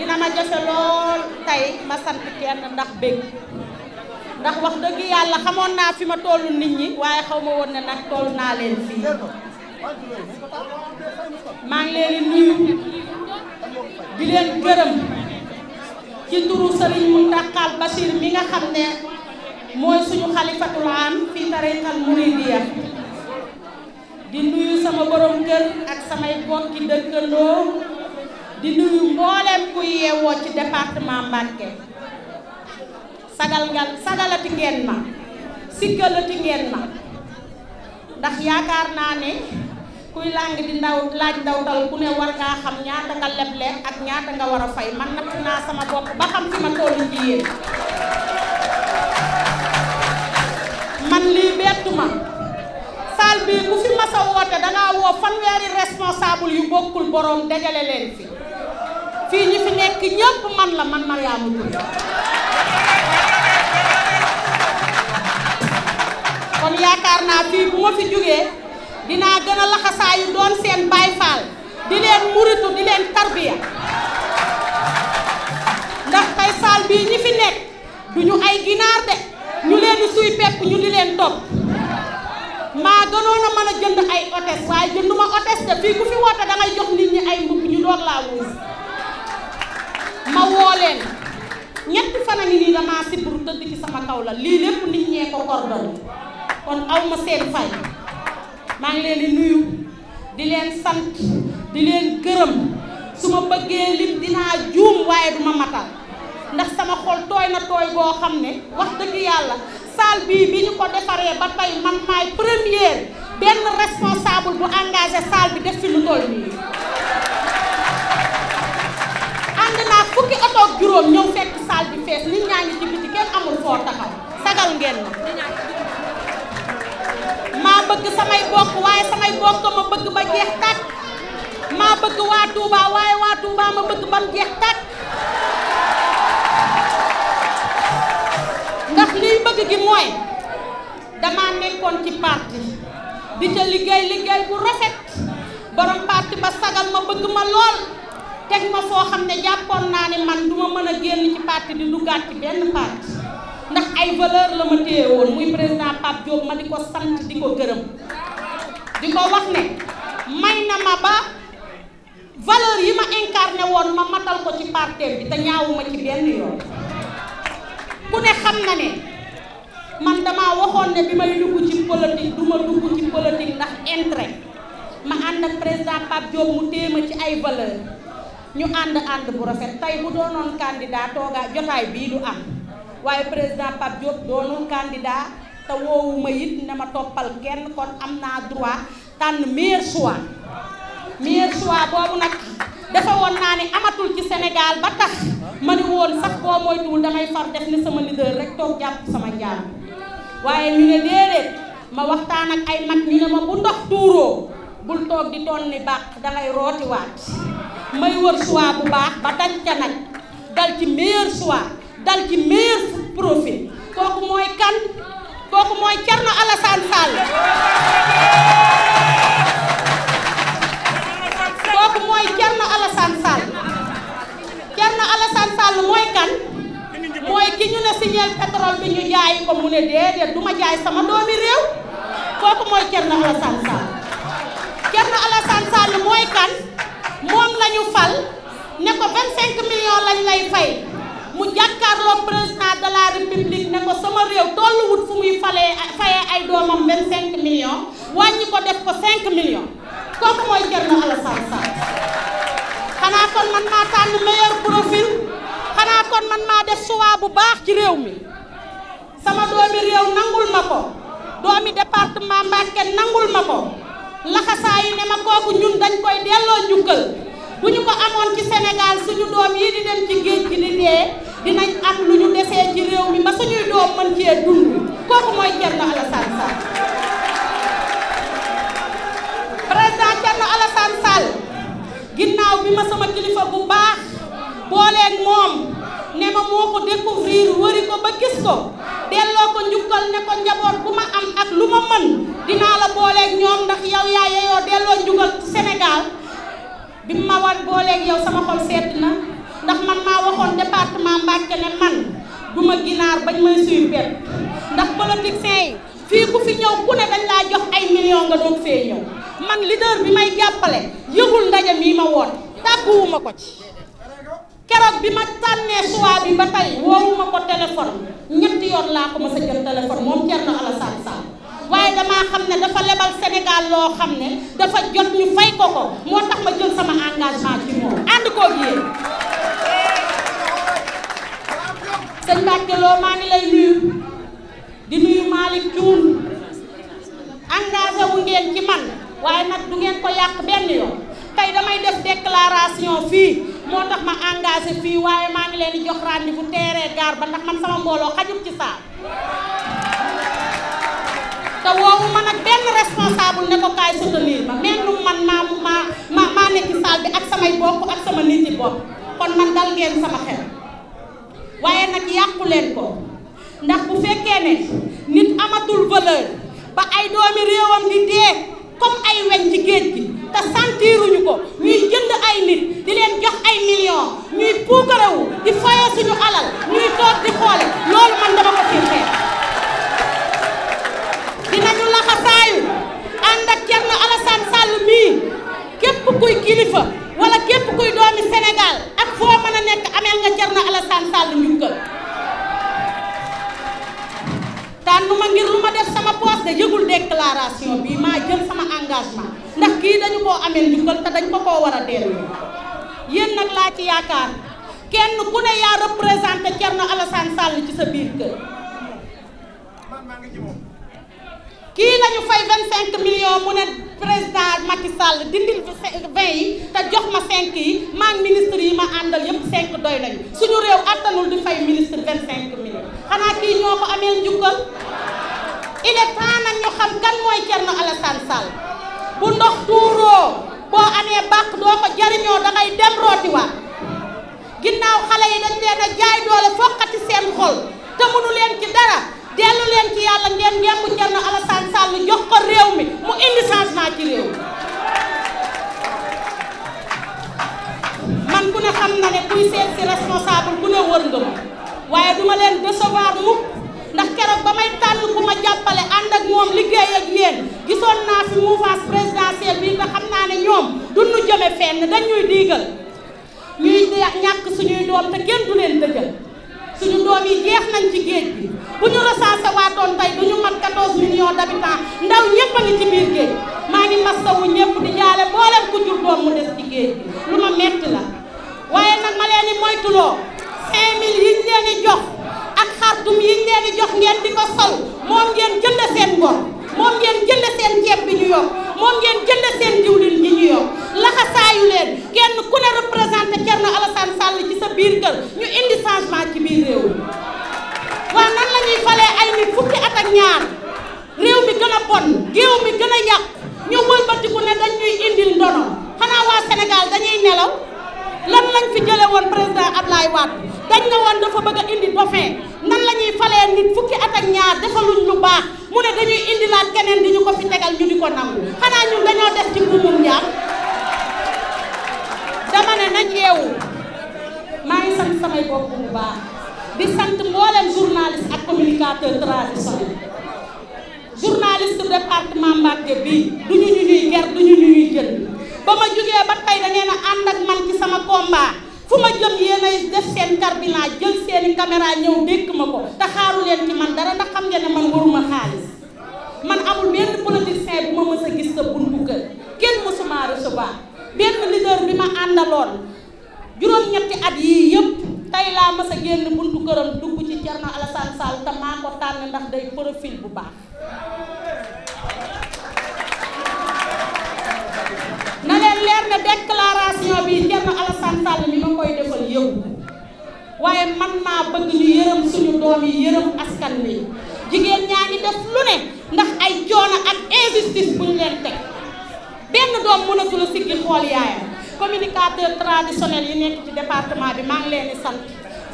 dina ma jafe lool tey ma sant kenn ndax bég ndax wax dëgg yàlla xamoon naa fi ma tollu nit ñi waaye xaw ma woon ne nag toll naa leen fii maa leen di nuyu di leen gërëm ci turu sëriñ Mountakha Bachir mi nga xam ne mooy suñu xalifatul am fii tariqal muridiyya di nuyu sama borom kër ak samay bokki dëkkandoo di nuyu mbooleem kuy yeewoo ci département Mbacké sagal nga sagalati ngeen ma sikkalati ngeen ma ndax yaakaar naa ne kuy làng di ndaw laaj ndawtal ku ne war ngaa xam ñaata nga leble ak ñaata nga war a fay man natt naa sama bopp ba xam fi ma tollu ci yéen man lii bettu ma saal bii ku fi masa woote dangaa woo fanweeri responsable yu bokkul boroom dajale leen fii ñi fi nekk ñépp man la man Mariama Touré kon yaakaar naa fii bu ma fi jógee dinaa gën a laxasaayu doon seen baay faal di leen muritu di leen tarbiya ndax tey saal bii ñi fi nekk duñu ay ginaar de ñu leen di suy pepp ñu di leen topp maa gënoon a mën a jënd ay hôtesse waaye jënduma hôtesse de fii ku fi woote dangay jox nit ñi ay mbubb ñu doog laa wuus ma woo leen ñetti fan a ngi nii damaa sibbiru tëdd ci sama kaw la lii lépp nit ñee ko ordonné kon aw seen fay maa ngi leen di nuyu di leen sant di leen gërëm su ma bëggee lim dinaa juum waaye duma matal ndax sama xol tooy na tooy goo xam ne wax dëgg yàlla salle bii bi ñu ko defaree ba tey man maay première benn responsable bu engagé salle bi def fi lu toll nii fukk ak juróom ñëw fekk salle bi fees nit ñaa ngi ci kenn amul foo taxaw sagal ngeen ma maa bëgg samay bokk waaye samay bokk ma bëgg ba jeex tàkk maa bëgg waa Touba waaye waa Touba ma bëgg bam jeex tàkk ndax liy bëgg gi mooy damaa nekkoon ci parti di ca liggéey liggéey bu rafet borom parti ba sagal ma bëgg ma lool teg ma foo xam ne jàppoon naa ne man du ma mën a génn ci parti di duggaat ci benn parti ndax ay valeur la ma téye woon muy président Pape ma di ko sant di ko gërëm di ko wax ne may na ma ba valeur yi ma incarné woon ma matal ko ci parteem bi te ñaawuma ci benn yoon ku ne xam na ne man damaa waxoon ne bi may dugg ci politique du dugg ci politique ndax intérêt ma ànd ak président Pape mu téye ci ay valeur ñu ànd ànd bu rafet tey bu doonoon candidat toogaa jotaay bii du am waaye président Pape Diop doonul candidat te woowu ma it ne ma toppal kenn kon am naa droit tànn meilleur choix meilleur choix boobu nag dafa woon naa ne amatul ci senegaal ba tax ma ni woon sax boo moytuwul damay far def ni sama leader rek toog jàpp sama njaam waaye ñu déedéet ma waxtaan ak ay mag ñu ne ma bu ndox tuuroo bul toog di toon ni baax dangay rootiwaat may wër choix bu baax dal ci meilleur choix dal ci meilleur profil kooku mooy kan kooku mooy Thierno Alassane Sall kooku mooy Thierno Alassane Sall Thierno mooy kan mooy ki ñu ne signal pétrole bi ñu du ma sama doomi réew kooku mooy Thierno Alassane Sall Thierno Alassane Sall mooy kan la fal ne ko 25 lay fay mu jàkkaarloo président de la république ne ko sama réew tolluwut fu muy falee fayee ay doomam 25 millions ko def ko 5 millions kooku mooy Thierno Alassane Sall xanaa kon man maa tànn meilleur profil xanaa man maa def choix baax ci réew mi sama doomi réew nangul ma ko doomi département Mbacké nangul ma ko laxasaa ne ma kooku ñun dañ koy delloo njukkal bu ñu ko amoon ci Sénégal suñu doom yi di dem ci géej gi di dee dinañ am lu ñu desee ci réew mi suñuy doom mën cee dund kooku mooy Thierno Alassane Sall président Thierno ginnaaw bi ma sama bu baax booleeg moom ne ma moo ko découvrir wëri ko ba gis ko delloo ko njukkal ne ko njaboot bu ma am ak lu ma mën dinaa la booleeg ñoom ndax yow yaa yeyoo delloo njukkal Sénégal bi ma war booleeg yow sama xol sedd na ndax man maa waxoon département Mbacké ne man du ginaar bañ may suy benn ndax politiciens fii ku fi ñëw ku ne dañ laa jox ay millions nga doog fee ñëw man leader bi may jàppale yëgul ndaje mii ma woon tàgguwuma ko ci keroog bi ma tànnee choix bi ba tey woowuma ko téléphone ñetti yoon laa ko ma sa jël téléphone moom Thierno damaa xam ne dafa lebal Sénégal loo xam ne dafa jot ñu fay ko ko moo tax ma jël sama engagement ci moom ànd koog yéen. sëñ Mbacke Lo maa ngi lay nuyu di nuyu Malick Thioune engagé ci man waaye nag du ngeen ko yàq benn yoon tey damay def déclaration fii moo tax ma engagé fii waaye maa ngi leen di jox rendez-vous bu gaar ba ndax man sama mbooloo xajul ci saa. nga woowu ma nag benn ne ko kaay soutenir ma mel man maa maa ma maa nekk salle ak samay bopp ak sama nit kon man dal ngeen waaye nag yàqu leen ndax bu nit amatul valeur ba ay doomi réewam di dee ma def sama de yëgul déclaration bi maa kii dañu koo amee njukkal dañ ko koo a delloo yéen nag laa ci yaakaar ne yaa représenté ci sa biir kër kii lañu fay 25 yi te jox ma 5 yi maa ministre yi ma àndal yépp 5 doy nañu suñu réew attanul di fay ministre 25 millions xanaa kii ñoo ko ameel njukkal. il est temps nag ñu xam kan mooy Thierno Alassane Sall bu ndox tuuroo boo amee bàq doo ko jariñoo dangay dem rootiwaat ginnaaw xale yi dañ leen a jaay doole foqati seen xol te mënu leen ci dara dellu leen ci yàlla ngeen ngemb Thierno Alassane Sall jox ko réew mi mu indi changement ci réew man ku ne xam na ne kuy seet si responsable ku ne wër nga ma waaye duma leen décevoir mukk ndax keroog ba may tànn ku ma jàppale ànd ak moom liggéey ak yéen gisoon naa fi mouvance présidentielle bii nga xam naa ne ñoom du ñu jëme fenn dañuy diigal ñuy ñàkk suñuy doom te kenn du leen dëjël suñu doom yi jeex nañ ci géej bi bu ñu recensé waatoon tey du ñu mat 14 millions d'habitants ndaw ñëpp a ngi ci biir géej maa ngi massawu ñëpp di jaale boolem ku jur doom mu des ci géej bi lu ma metti la waaye nag ma leen di moytuloo 5000 yi ñu leen di jox. kostum yi ngeen di jox ngeen di ko sol moom ngeen jënd seen ngor moom ngeen jënd seen ceeb bi ñu moom ngeen jënd seen diwlin ñu yokk laxasaayu leen kenn ku ne représenté Thierno Alassane Sall ci sa biir kër ñu indi changement ci biir réew mi waaw nan la ñuy ay nit fukki at ñaar réew mi gën a bon réew mi gën a yàq ñu wëlbatiku ne dañ ñuy indil ndono xanaa waa Sénégal dañuy nelaw lan lañ fi woon président Ablaye Wade dañ na woon dafa bëgg la ñuy falee nit fukki at ñaar defaluñ lu baax mu ne dañuy indilaat keneen di ñu ko fi ñu di ko nangu xanaa ñun dañoo def ci nguumum njaam dama ne nañ yeewu maa ngi sant samay bopp bu baax di sant mboolem journaliste ak communicateur traditionnel journaliste département Mbacké bi du ñu ñuy ger du ñu ñuy jël ba ma jógee ba tey da ngeen a ànd ak man ci sama combat. fu ma jëm yéen ay def seen carburant jël seeni caméra ñëw dékk ma ko te xaaru man dara ndax xam ngeen ne man waruma xaalis man amul benn politicien bu ma mës a gis sa buntu kër kenn mësuma recevoir benn leader bi ma àndaloon juróom-ñetti at yii yëpp tey laa mës a génn buntu këram dugg ci Thierno Alassane Sall te maa ko tànn ndax day profil bu baax. na leen leer ne déclaré. doom yi yërëm askan wi jigéen ñaa ngi def lu ne ndax ay coono ak injustice bu ñu leen teg benn doom mënatul a siggi xool yaayam communicateur traditionnel yi nekk ci département bi maa ngi leen di sant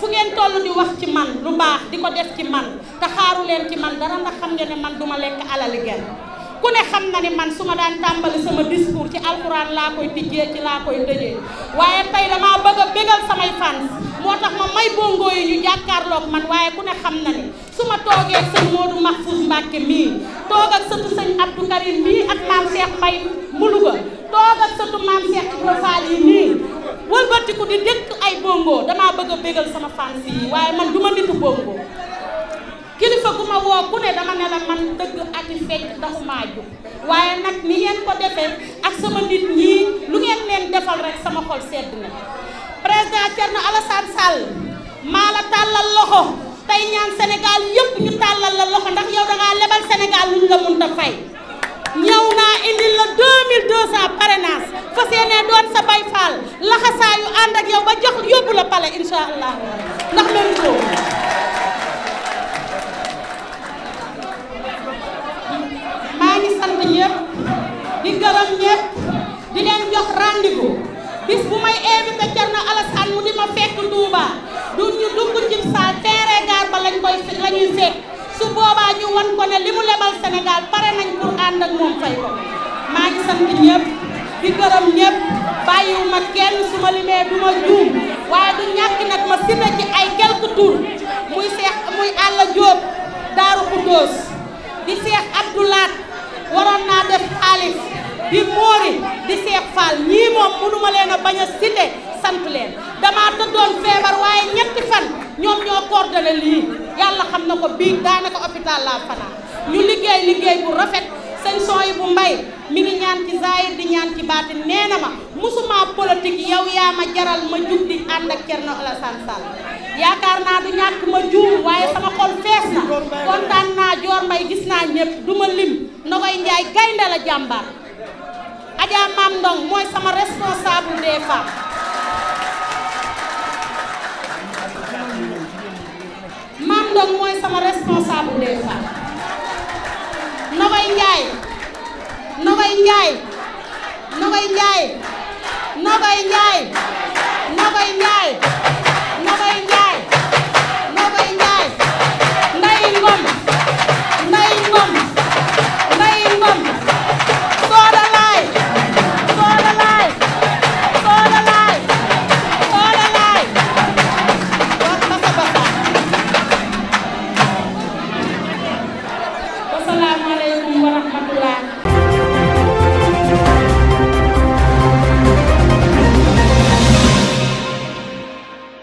fu ngeen toll di wax ci man lu baax di ko def ci man te xaaru leen ci man dara ndax xam ngeen ne man duma lekk alali genn ku ne xam na ne man su ma daan tàmbali sama discours ci alxuraan laa koy tijjee ci laa koy dëjee waaye tey damaa bëgg a bégal samay fans moo tax ma may bongo yi ñu jàkkaarloog man waaye ku ne xam na ni su ma toogee sëñ Modou Mahfouz Mbacke mii toog ak sëtu sëñ Abdou Karim mii ak maam Cheikh Mbaye Mbuluga toog ak sëtu maam Cheikh Ibra Fall yi nii wëlbatiku di dëkk ay bongo damaa bëgg a bégal sama fans yi waaye man du nitu bongo kilifa gu ma woo ku ne dama ne man dëgg ati fecc taxumaa jóg waaye nag ni ngeen ko defee ak sama nit ñii lu ngeen leen defal rek sama xol sedd na président Thierno Alassane Sall maa la tàllal loxo ñaan Sénégal yëpp ñu tàllal ndax yow da lebal Sénégal lu la mënta fay ñëw naa indil la 2200 parrainage fa yebal Sénégal pare nañ pour ànd ak moom fay ko maa ngi sant ñëpp di gërëm ñëpp bàyyiwuma kenn su ma limee du ma juum waaye du ñàkk nag ma cité ci ay quelques tours muy Seex muy Alla Diop Daaru Xuddoos di Seex Abdoulaat waroon naa def xaalis di Moori di Seex Fall ñii moom mënuma leen a bañ a cité sant leen damaa tëddoon feebar waaye ñetti fan ñoom ñoo coordonné lii yàlla xam na ko bii daanaka hôpital laa fanaan ñu liggéey liggéey bu rafet sëñ son yi mi ngi ñaan di ñaan ci baatin nee na ma jaral ma jug di ànd ak Thierno Alassane yaakaar naa du ñàkk ma juum waaye sama xol fees na kontaan naa Dior Mbaye gis naa ñëpp du ma lim Nogoy Njaay gaynde la jàmbaar Adja Mam Ndong mooy sama responsable des femmes Mam Ndong mooy sama responsable des femmes Nogoy Njaay Nogoy Njaay Nogoy Njaay Nogoy Njaay Nogoy Njaay